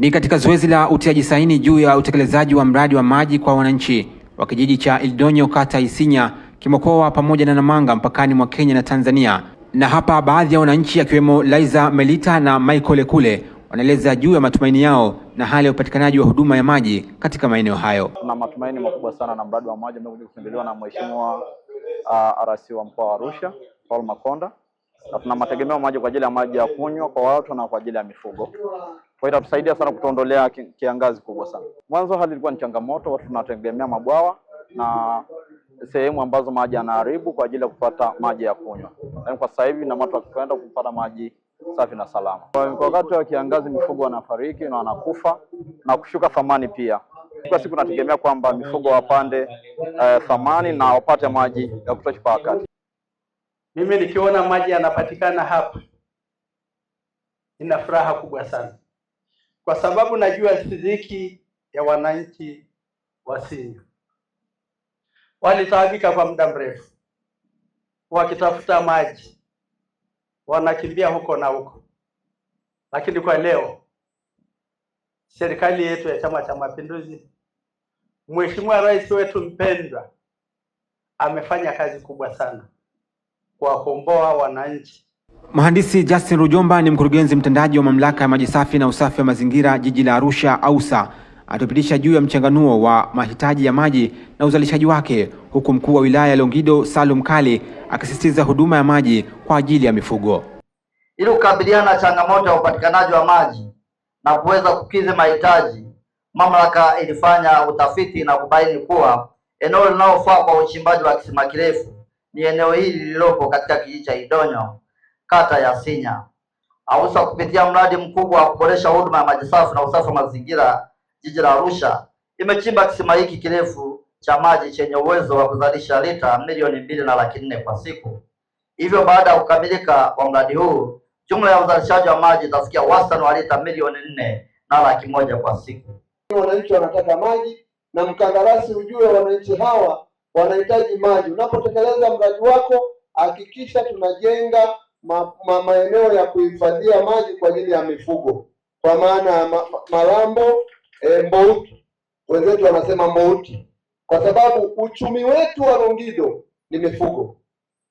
Ni katika zoezi la utiaji saini juu ya utekelezaji wa mradi wa maji kwa wananchi wa kijiji cha Ildonyo kata Isinya, Kimokoa pamoja na Namanga mpakani mwa Kenya na Tanzania. Na hapa baadhi ya wananchi akiwemo Liza Melita na Michael Lekule wanaeleza juu ya matumaini yao na hali ya upatikanaji wa huduma ya maji katika maeneo hayo. Tuna matumaini makubwa sana na mradi wa maji ambao kuzinduliwa na Mheshimiwa uh, RC wa mkoa wa Arusha Paul Makonda, na tuna mategemeo maji kwa ajili ya maji ya kunywa kwa watu na kwa ajili ya mifugo kwa hiyo itatusaidia sana kutuondolea kiangazi kubwa sana. Mwanzo hali ilikuwa ni changamoto, watu tunategemea mabwawa na sehemu ambazo maji yanaharibu kwa ajili ya kupata maji ya kunywa, lakini kwa sasa hivi na watu wakikwenda kupata maji safi na salama. Wakati wa kiangazi mifugo wanafariki na wanakufa na kushuka thamani pia. Kwa siku tunategemea kwamba mifugo wapande eh, thamani na wapate maji ya kutosha kwa wakati. Mimi nikiona maji yanapatikana hapa ina furaha kubwa sana kwa sababu najua dhiki ya wananchi wa Simiyu. Walitaabika kwa muda mrefu wakitafuta maji, wanakimbia huko na huko, lakini kwa leo serikali yetu ya Chama cha Mapinduzi, Mheshimiwa Rais wetu mpendwa amefanya kazi kubwa sana kuwakomboa wananchi Mhandisi Justin Rujomba ni mkurugenzi mtendaji wa mamlaka ya maji safi na usafi wa mazingira jiji la Arusha AUSA atupitisha juu ya mchanganuo wa mahitaji ya maji na uzalishaji wake, huku mkuu wa wilaya ya Longido Salum Kali akisisitiza huduma ya maji kwa ajili ya mifugo ili kukabiliana na changamoto ya upatikanaji wa maji na kuweza kukidhi mahitaji. Mamlaka ilifanya utafiti na kubaini kuwa eneo linalofaa kwa uchimbaji wa kisima kirefu ni eneo hili lililopo katika kijiji cha Idonyo kata ya Sinya. AUSA kupitia mradi mkubwa wa kuboresha huduma ya maji safi na usafi wa mazingira jiji la Arusha imechimba kisima hiki kirefu cha maji chenye uwezo wa kuzalisha lita milioni mbili na laki nne kwa siku. Hivyo baada ya kukamilika kwa mradi huu, jumla ya uzalishaji wa maji itafikia wastani wa lita milioni nne na laki moja kwa siku. Wananchi wanataka maji na mkandarasi, ujue wananchi hawa wanahitaji maji. Unapotekeleza mradi wako, hakikisha tunajenga ma, ma, maeneo ya kuhifadhia maji kwa ajili ya mifugo kwa maana ya ma, malambo e, eh, mbouti wenzetu wanasema mbouti, kwa sababu uchumi wetu wa Longido ni mifugo,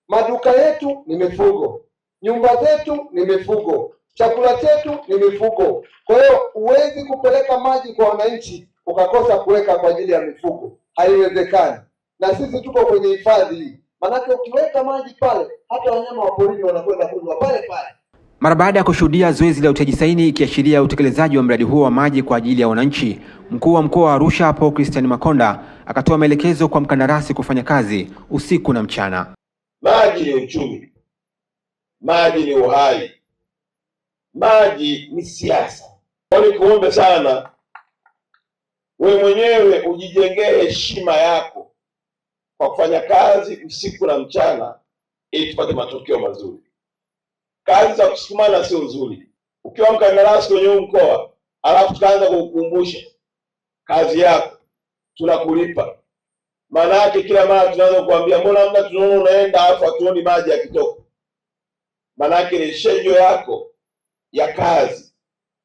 maduka yetu ni mifugo, nyumba zetu ni mifugo, chakula chetu ni mifugo. Kwa hiyo huwezi kupeleka maji kwa wananchi ukakosa kuweka kwa ajili ya mifugo, haiwezekani. Na sisi tuko kwenye hifadhi hii Manake ukiweka maji pale hata wanyama wa porini wanakwenda kunywa pale pale. Mara baada ya kushuhudia zoezi la utiaji saini ikiashiria utekelezaji wa mradi huo wa maji kwa ajili ya wananchi, mkuu wa mkoa wa Arusha Paul Christian Makonda akatoa maelekezo kwa mkandarasi kufanya kazi usiku na mchana. Maji ni uchumi, maji ni uhai, maji ni siasa. Nikuombe sana we mwenyewe ujijengee heshima yako kwa kufanya kazi usiku na mchana ili tupate matokeo mazuri. Kazi za kusukumana sio nzuri. Ukiwa mkandarasi kwenye huu mkoa alafu tukaanza kukukumbusha kazi yako tunakulipa, maana yake kila mara tunaanza kukuambia mbona mda tunaona unaenda alafu hatuoni maji yakitoka. Maana yake shejo yako ya kazi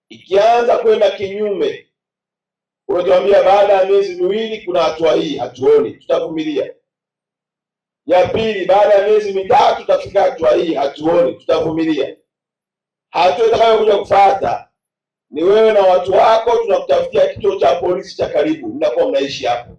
ikianza kwenda kinyume, unatuambia baada ya miezi miwili kuna hatua hii, hatuoni, tutavumilia ya pili, baada ya miezi mitatu tutafika hatua hii, hatuoni, tutavumilia. Hatua itakayokuja kufata ni wewe na watu wako, tunakutafutia kituo cha polisi cha karibu, mnakuwa mnaishi hapo.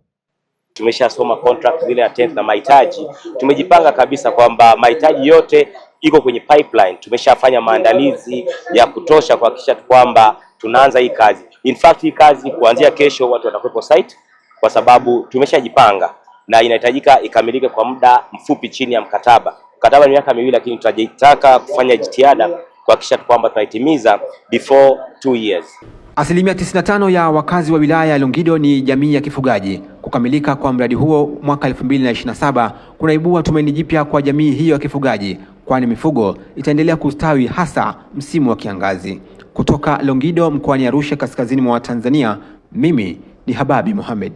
Tumeshasoma contract zile tenth na mahitaji, tumejipanga kabisa kwamba mahitaji yote iko kwenye pipeline. Tumeshafanya maandalizi ya kutosha kuhakikisha kwamba tunaanza hii kazi. In fact, hii kazi kuanzia kesho watu watakuwepo site, kwa sababu tumeshajipanga na inahitajika ikamilike kwa muda mfupi chini ya mkataba. Mkataba ni miaka miwili, lakini tutajitaka kufanya jitihada kuhakikisha kwamba tunaitimiza before two years. Asilimia 95 ya wakazi wa wilaya ya Longido ni jamii ya kifugaji. Kukamilika kwa mradi huo mwaka 2027 kunaibua tumaini jipya kwa jamii hiyo ya kifugaji, kwani mifugo itaendelea kustawi hasa msimu wa kiangazi. Kutoka Longido mkoani Arusha, kaskazini mwa Tanzania, mimi ni Hababi Mohamed.